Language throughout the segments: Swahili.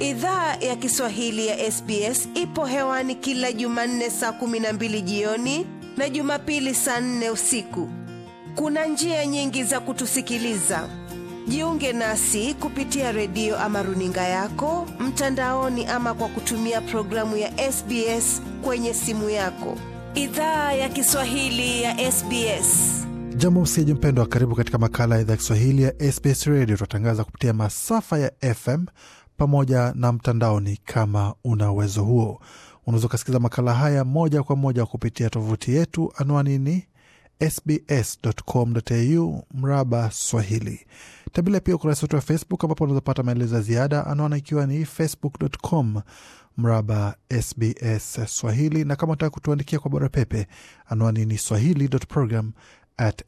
idhaa ya kiswahili ya sbs ipo hewani kila jumanne saa kumi na mbili jioni na jumapili saa nne usiku kuna njia nyingi za kutusikiliza jiunge nasi kupitia redio ama runinga yako mtandaoni ama kwa kutumia programu ya sbs kwenye simu yako idhaa ya kiswahili ya sbs Jambo msiaji mpendwa, karibu katika makala ya idhaa ya Kiswahili ya SBS Radio. Tunatangaza kupitia masafa ya FM pamoja na mtandaoni. Kama una uwezo huo, unaweza ukasikiliza makala haya moja kwa moja kupitia tovuti yetu, anwani ni sbs.com.au mraba Swahili. Tembelea pia ukurasa wetu wa Facebook ambapo unaweza pata maelezo ya ziada, anwani ikiwa ni facebook.com mraba SBS Swahili. Na kama unataka kutuandikia kwa barua pepe, anwani ni swahili.program at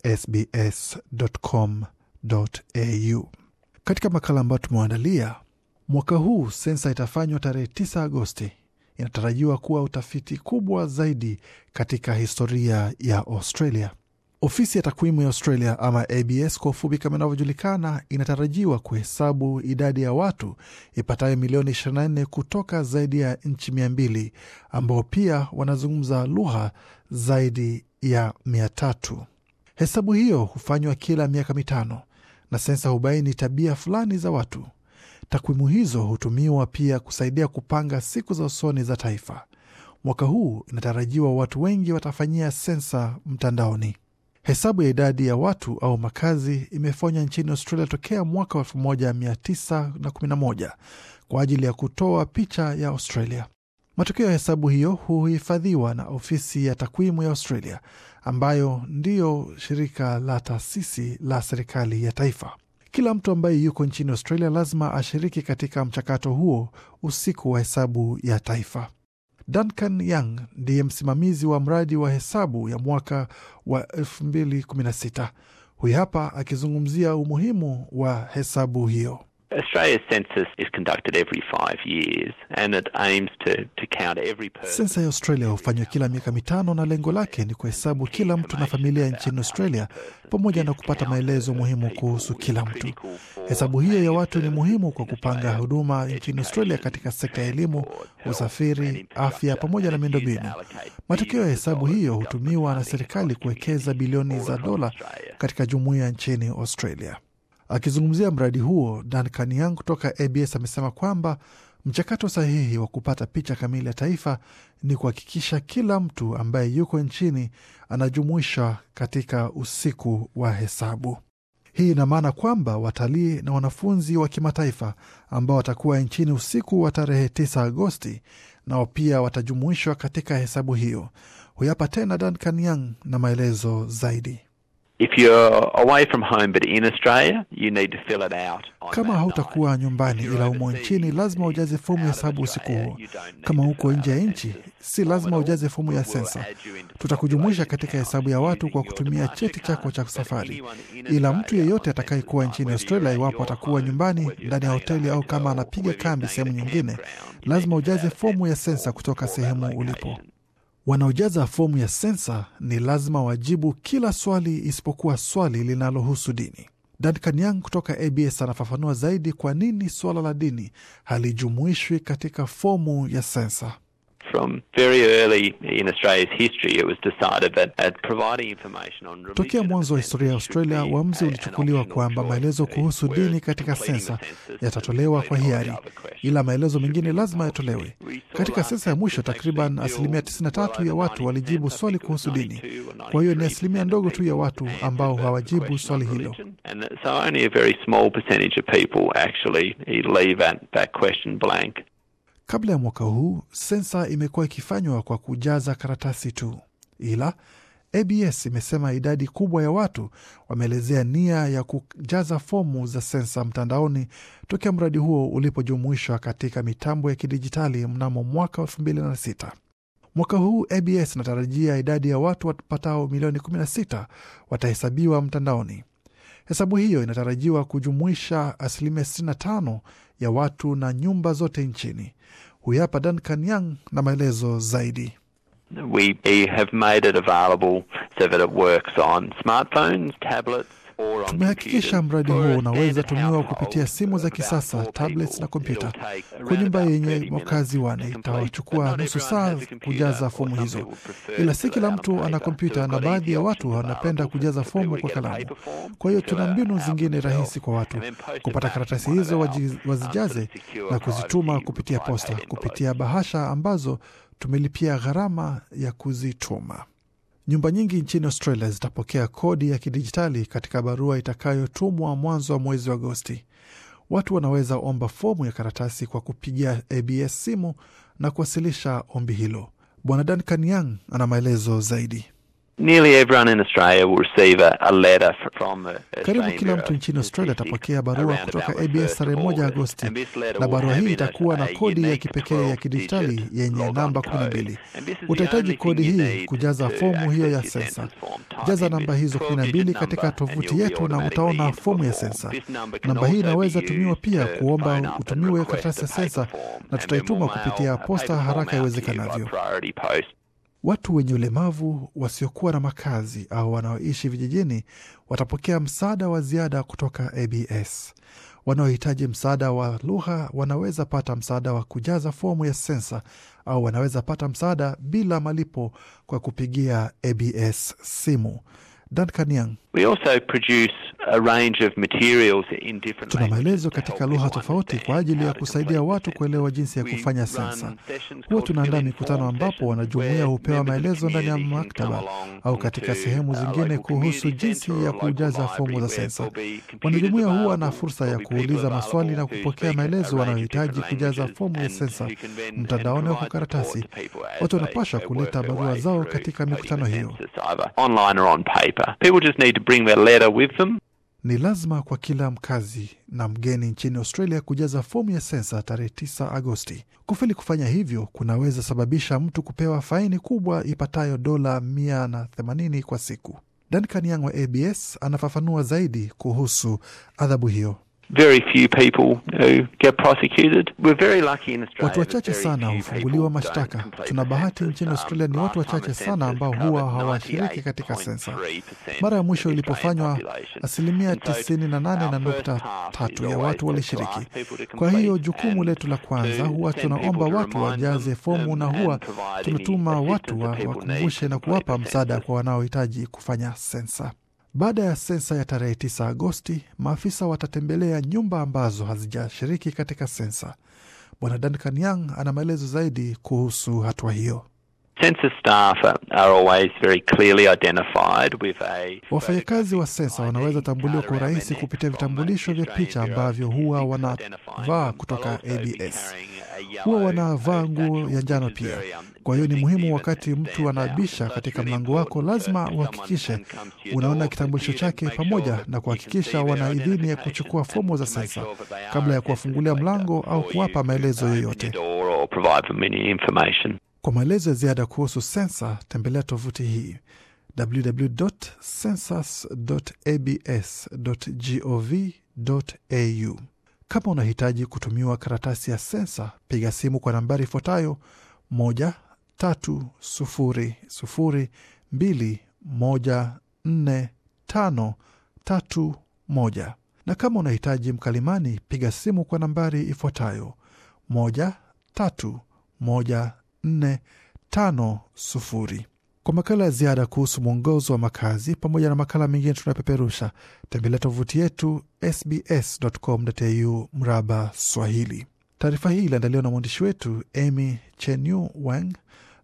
Katika makala ambayo tumeandalia Mwaka huu sensa itafanywa tarehe 9 Agosti. Inatarajiwa kuwa utafiti kubwa zaidi katika historia ya Australia. Ofisi ya takwimu ya Australia ama ABS kwa ufupi, kama inavyojulikana, inatarajiwa kuhesabu idadi ya watu ipatayo milioni 24 kutoka zaidi ya nchi 200 ambao pia wanazungumza lugha zaidi ya 300. Hesabu hiyo hufanywa kila miaka mitano na sensa hubaini tabia fulani za watu. Takwimu hizo hutumiwa pia kusaidia kupanga siku za usoni za taifa. Mwaka huu inatarajiwa watu wengi watafanyia sensa mtandaoni. Hesabu ya idadi ya watu au makazi imefanywa nchini Australia tokea mwaka wa 1911 kwa ajili ya kutoa picha ya Australia. Matokeo ya hesabu hiyo huhifadhiwa na ofisi ya takwimu ya Australia, ambayo ndiyo shirika la taasisi la serikali ya taifa. Kila mtu ambaye yuko nchini Australia lazima ashiriki katika mchakato huo usiku wa hesabu ya taifa. Duncan Young ndiye msimamizi wa mradi wa hesabu ya mwaka wa 2016. Huyu hapa akizungumzia umuhimu wa hesabu hiyo. Australia's census is conducted every five years and it aims to, to count every person. Sensa ya Australia hufanywa kila miaka mitano na lengo lake ni kuhesabu kila mtu na familia nchini Australia pamoja na kupata maelezo muhimu kuhusu kila mtu. Hesabu hiyo ya watu ni muhimu kwa kupanga huduma nchini Australia katika sekta ya elimu, usafiri, afya pamoja na miundombinu. Matokeo ya hesabu hiyo hutumiwa na serikali kuwekeza bilioni za dola katika jumuiya nchini Australia. Akizungumzia mradi huo, Dan Kanyang kutoka ABS amesema kwamba mchakato sahihi wa kupata picha kamili ya taifa ni kuhakikisha kila mtu ambaye yuko nchini anajumuishwa katika usiku wa hesabu. Hii ina maana kwamba watalii na wanafunzi wa kimataifa ambao watakuwa nchini usiku wa tarehe 9 Agosti nao pia watajumuishwa katika hesabu hiyo. Huyapa tena Dan Kanyang na maelezo zaidi. Kama hautakuwa nyumbani ila umo nchini, lazima ujaze fomu ya sabu usiku huo. Kama huko nje ya nchi, si lazima ujaze fomu ya sensa. Tutakujumuisha katika hesabu ya watu kwa kutumia cheti chako cha safari, ila mtu yeyote atakayekuwa nchini Australia, iwapo atakuwa nyumbani ndani ya hoteli au kama anapiga kambi sehemu nyingine, lazima ujaze fomu ya sensa kutoka sehemu ulipo wanaojaza fomu ya sensa ni lazima wajibu kila swali isipokuwa swali linalohusu dini. Duncan Young kutoka ABS anafafanua zaidi kwa nini suala la dini halijumuishwi katika fomu ya sensa. Tokea mwanzo wa historia ya Australia, uamuzi ulichukuliwa kwamba maelezo kuhusu dini katika sensa yatatolewa kwa hiari, ila maelezo mengine lazima yatolewe. Katika sensa ya mwisho, takriban asilimia 93 ya watu walijibu swali kuhusu dini. Kwa hiyo ni asilimia ndogo tu ya watu ambao hawajibu swali hilo. So only a very small percentage of people actually leave that, that question blank. Kabla ya mwaka huu, sensa imekuwa ikifanywa kwa kujaza karatasi tu, ila ABS imesema idadi kubwa ya watu wameelezea nia ya kujaza fomu za sensa mtandaoni tokea mradi huo ulipojumuishwa katika mitambo ya kidijitali mnamo mwaka 2006. Mwaka huu ABS inatarajia idadi ya watu wapatao milioni 16 watahesabiwa mtandaoni. Hesabu hiyo inatarajiwa kujumuisha asilimia 65 ya watu na nyumba zote nchini. Huyu hapa Duncan Young na maelezo zaidi. We have made it available so that it works on smartphones, tablets Tumehakikisha mradi huo unaweza tumiwa kupitia simu za kisasa, tablets na kompyuta. Kwa nyumba yenye wakazi wane, itawachukua nusu saa kujaza fomu hizo, ila si kila mtu ana kompyuta na baadhi ya watu wanapenda kujaza fomu kwa kalamu. Kwa hiyo tuna mbinu zingine rahisi kwa watu kupata karatasi hizo wazijaze na kuzituma kupitia posta, kupitia bahasha ambazo tumelipia gharama ya kuzituma. Nyumba nyingi nchini Australia zitapokea kodi ya kidijitali katika barua itakayotumwa mwanzo wa mwezi wa Agosti. Watu wanaweza omba fomu ya karatasi kwa kupigia ABS simu na kuwasilisha ombi hilo. Bwana Duncan Young ana maelezo zaidi. Nearly everyone in Australia will receive a, a letter from uh, the Karibu uh, kila mtu nchini Australia atapokea barua kutoka ABS tarehe 1 Agosti, na barua hii itakuwa na kodi ya kipekee ya kidijitali yenye namba mbili. Utahitaji kodi hii kujaza fomu hiyo ya sensa. Jaza namba hizo kumi na mbili uh, katika tovuti yetu na utaona fomu ya sensa. Namba hii inaweza tumiwa pia kuomba utumiwe karatasi ya sensa, na tutaituma kupitia posta haraka iwezekanavyo. Watu wenye ulemavu wasiokuwa na makazi au wanaoishi vijijini watapokea msaada wa ziada kutoka ABS. Wanaohitaji msaada wa lugha wanaweza pata msaada wa kujaza fomu ya sensa au wanaweza pata msaada bila malipo kwa kupigia ABS simu. Duncan Young Tuna maelezo katika lugha tofauti kwa ajili ya kusaidia watu kuelewa jinsi ya kufanya sensa. Huwa tunaandaa mikutano ambapo wanajumuia hupewa maelezo ndani ya maktaba au katika sehemu zingine kuhusu jinsi ya kujaza fomu za sensa. Wanajumuia huwa na fursa ya kuuliza maswali na kupokea maelezo wanayohitaji kujaza fomu ya sensa mtandaoni au kwa karatasi. Watu wanapasha kuleta barua zao katika mikutano hiyo bring their letter with them. Ni lazima kwa kila mkazi na mgeni nchini Australia kujaza fomu ya sensa tarehe 9 Agosti. Kufeli kufanya hivyo kunaweza sababisha mtu kupewa faini kubwa ipatayo dola 180 kwa siku. Duncan Yang wa ABS anafafanua zaidi kuhusu adhabu hiyo. Watu wachache sana hufunguliwa mashtaka. Tuna bahati nchini Australia, ni watu wachache sana ambao huwa hawashiriki katika sensa. Mara ya mwisho ilipofanywa, asilimia 98.3 ya watu walishiriki. Kwa hiyo jukumu letu la kwanza huwa tunaomba watu wajaze fomu um, na huwa tunatuma watu wakumbushe na kuwapa msaada kwa wanaohitaji kufanya sensa. Baada ya sensa ya tarehe 9 Agosti, maafisa watatembelea nyumba ambazo hazijashiriki katika sensa. Bwana Duncan Young ana maelezo zaidi kuhusu hatua hiyo. Wafanyakazi wa sensa wanaweza tambuliwa kwa urahisi kupitia vitambulisho vya picha ambavyo huwa wanavaa kutoka ABS huwa wanavaa nguo ya njano pia. Kwa hiyo ni muhimu, wakati mtu anaabisha katika mlango wako, lazima uhakikishe unaona kitambulisho chake, pamoja na kuhakikisha wana idhini ya kuchukua fomu za sensa kabla ya kuwafungulia mlango au kuwapa maelezo yoyote. Kwa maelezo ya ziada kuhusu sensa, tembelea tovuti hii www.census.abs.gov.au. Kama unahitaji kutumiwa karatasi ya sensa, piga simu kwa nambari ifuatayo moja. na kama unahitaji mkalimani, piga simu kwa nambari ifuatayo sufuri kwa makala ya ziada kuhusu mwongozo wa makazi pamoja na makala mengine tunayopeperusha, tembelea tovuti yetu sbs.com.au mraba Swahili. Taarifa hii iliandaliwa na mwandishi wetu Emy Chenyu Wang